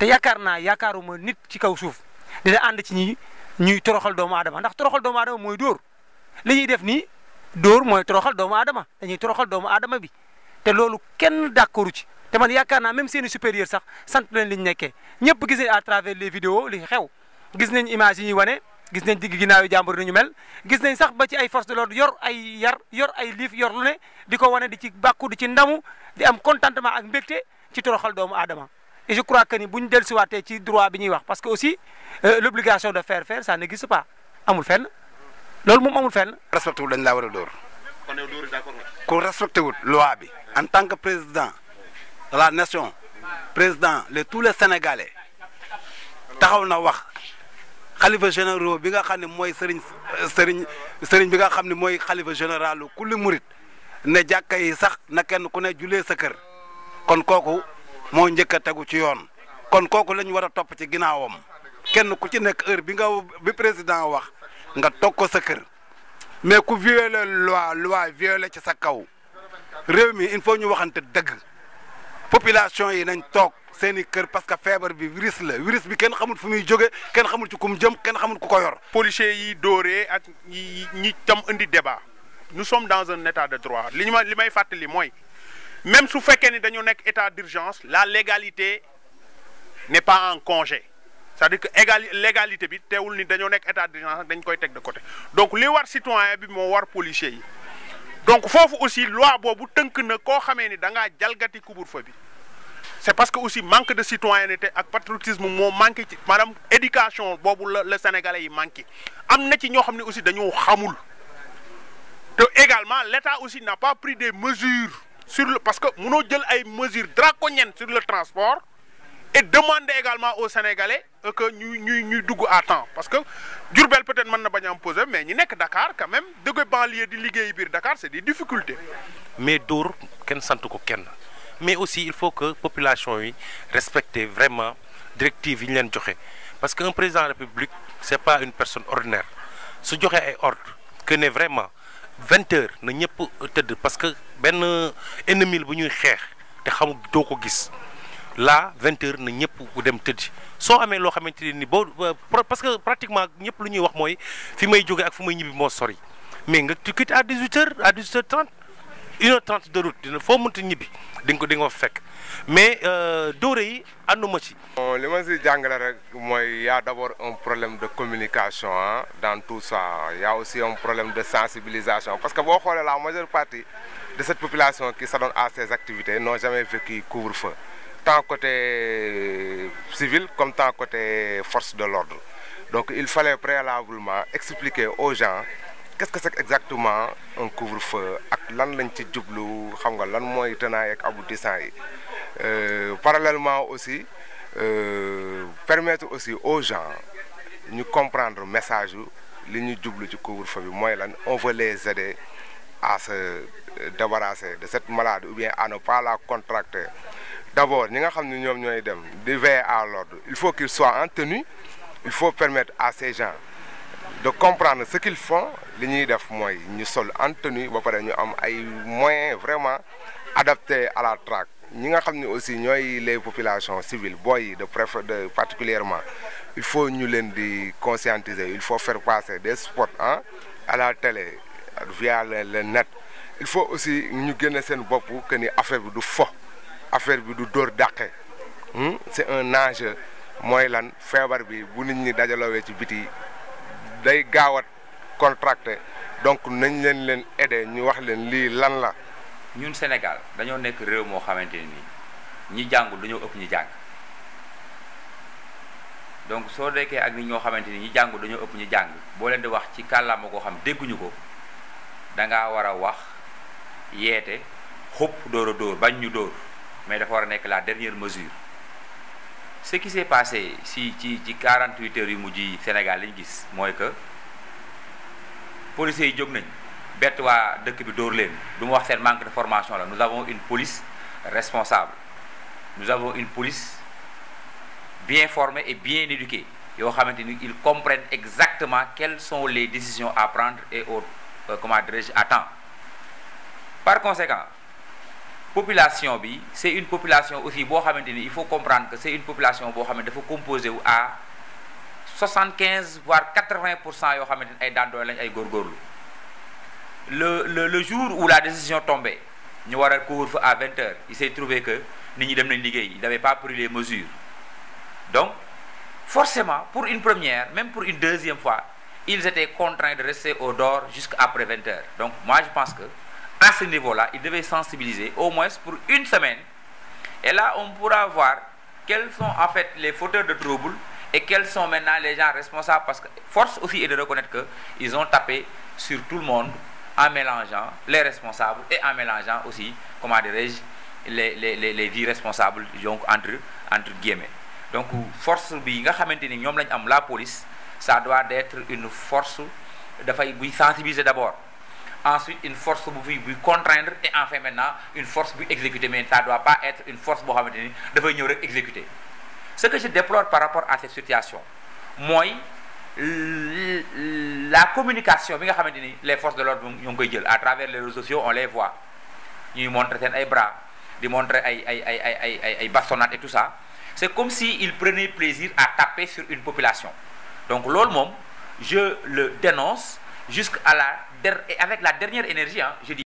te yaakaar naa yaakaaruma nit ci kaw suuf dina ànd ci ñi ñuy toroxal doomu adama ndax toroxal doomu aadama mooy dóor li ñuy def nii dóor mooy toroxal doomu aadama dañuy toroxal doomu aadama bi te loolu kenn d'accordu ci te man yaakaar naa même seeni supérieur sax sant leen li ñu nekkee ñëpp gis nañ à travers les vidéos li xew gis nañ image yi ñuy wane gis nañ digg ginnaaw yi jàmbur nañu mel gis nañ sax ba ci ay force de l'ordre yor ay yar yor ay liif yor lu ne di ko wane di ci bàkku di ci ndamu di am contentement ak mbégte ci toroxal doomu aadama et je crois que ni bu ñu dellusiwaatee ci droit bi ñuy wax parce que aussi euh, l'obligation de faire faire ça n'existe pas amul fenn loolu moom amul fenn. respecté wul dañ laa war a dóor. kon yow dóor d'accord ku respecté wul loi bi en tant que président la nation président de tous les sénégalais taxaw na wax xalifa généraux bi nga xam ne mooy sëriñ sëriñ sëriñ bi nga xam ne mooy xalifa général ku li murit ne jàkka yi sax na kenn ku ne julee sa kër kon kooku. moo njëkk a tegu ci yoon kon kooku lañ war a topp ci ginnaawam kenn ku ci nekk heure bi nga bi président wax nga toog ko sa kër mais ku violé loi loi violé ci sa kaw réew mi il faut ñu waxante dëgg population yi nañ toog seen i kër parce que feebar bi virus la virus bi kenn xamul fu muy jóge kenn xamul ci ku mu jëm kenn xamul ku ko yor. policiers yi dooree ak ñi tam indi débat nous sommes dans un état de droit li ñu ma li may fàttali mooy. même su fekkee ni dañu nekk état d'urgence la légalité n'est pas en congé c'est-à-dire que égali légalité bi teewul ni dañoo nekk état d'urgence dañ koy teg de côté donc li war citoyen bi moo war policier yi donc foofu aussi loi boobu tënk na koo xamee ni da ngaa jalgati couvre-feu bi c'est parce que aussi manque de citoyenneté ak patriotisme moo manqué ci maanaam éducation boobu la la sénégalais yi manqué am na ci ñoo xam ne aussi dañoo xamul te également l'État aussi n'a pas pris des mesures sur parce que mënoo jël ay mesures draconiennes sur le transport et demander également aux Sénégalais que ñuy ñuy ñuy dugg à temps parce que Diourbel peut-être mën na bañ am posé mais ñu nekk dakaar quand même dëgg banlieue di liggéey biir Dakar c'est des difficultés. mais dóor kenn sant ko kenn mais aussi il faut que population yi respecter vraiment directive yi ñu leen joxe parce que un président de la République c'est pas une personne ordinaire su joxe ay ordre que ne vraiment. vingt heures na ñëpp tëdd parce que benn ennemi bu ñuy xeex te xamul doo ko gis là vingt heures na ñëpp bu dem tëdd soo amee loo xamante ne ni boo euh, parce que pratiquement ñëpp lu ñuy wax mooy fi may jóge ak fu may ñibbi moo sori mais nga tu quittes à dix huit à dix huit trente une heure trente de route dina foo mënta ñibbi di nga ko di nga fa fekk mais euh, dóore yi ànduma ci. li ma si jàngale rek mooy ya a d'abord un problème de communication ah dans tout ça ya a aussi un problème de sensibilisation parce que boo xoolee la majeure partie de cette population qui s'adonne à ces activités n'ont jamais vécu couvre-feu tant côté euh, civil comme tant côté force de l'ordre donc il fallait préalablement expliquer au gens. qu'est-ce que c'est exactement un couvre-feu ak lan lañ ci jublu xam nga lan mooy tenaay ak aboutissant yi euh, parallèlement aussi euh, permettre aussi au gens ñu comprendre message yu li ñu jublu ci couvre-feu bi mooy lan on veut les à se débarrasser de cette maladie ou bien à ne pas la contracter d'abord ñi nga xam ne ñoom ñooy dem di veiller à l'ordre il faut qu'ils soient en tenue il faut permettre à ces gens de comprendre ce qu'ils font li ñuy def mooy ñu sol en tenue ba pare ñu am ay moyens vraiment adaptés à la traque ñi nga xam ne aussi ñooy les populations civiles booy yi de préf de particulièrement il faut ñu leen di conscientiser il faut fair passer des spots ah à la télé via le net il faut aussi ñu génne seen bopp que ni affaire bi du fo affaire bi du dóor dàqe hmm? c'est un enjeu mooy lan feebar bi bu nit ñi dajalowee ci biti day gaaw a contracté donc nañ leen leen aider ñu wax leen lii lan la. ñun Sénégal dañoo nekk réew moo xamante ne nii ñi jàngul dañoo ëpp ñi jàng donc soo dekkee ak nit ñoo xamante ni ñi jàngul dañoo ëpp ñi jàng boo leen di wax ci kàllaama koo xam dégguñu ko da ngaa war a wax yeete xupp dóor a dóor bañ ñu dóor mais dafa war a nekk la dernière mesure. ce qui s'est passé si ci ci 48 heures yu mujj Sénégal lañu gis mooy que policiers yi jóg nañ bett waa dëkk bi dóor leen du ma wax seen manque de formation la nous avons une police responsable nous avons une police bien formée et bien éduquée yoo xamante ni ils comprennent exactement quelles sont les décisions à prendre et au euh, comment dirais-je à temps par conséquent population bi c'est une population aussi boo xamante ni il faut comprendre que c'est une population boo xam ne dafa composé wu à 75 voire 80 pour cent yoo xamante ni ay dandooy ay góorgóorlu le le le jour où la décision tombée ñu war a couvre à 20 heures il s'est trouvé que nit ñi dem nañ liggéey ils n'avaient pas pris les mesures donc forcément pour une première même pour une deuxième fois ils étaient contraints de rester au dehors jusqu'après 20 heures donc moi pense que à ce niveau-là, il devait sensibiliser au moins pour une semaine. Et là, on pourra voir quels sont en fait les fauteurs de troubles et quels sont maintenant les gens responsables. Parce que force aussi est de reconnaître qu'ils ont tapé sur tout le monde en mélangeant les responsables et en mélangeant aussi, comment dirais-je, les, les, les, les, vies responsables donc, entre, entre guillemets. Donc, force bi nga xamanteni ñom lañ am la police, ça doit être une force de buy sensibiliser d'abord ensuite une force bu fi buy contraindre et enfin maintenant une force buy exécuter mais ça doit pas être une force boo xamante ni dafay exécuter ce que je déplore par rapport à cette situation mooy la communication bi nga xamante ni les forces de l'ordre ñoo ngi koy jël à travers les réseaux sociaux on les voit ñuy montrer seen ay bras di montrer ay ay ay ay ay ay bastonnades et tout ça c'est comme si ils prenaient plaisir à taper sur une population donc loolu je le dénonce jusqu'à la avec la dernière énergie, hein, je dis.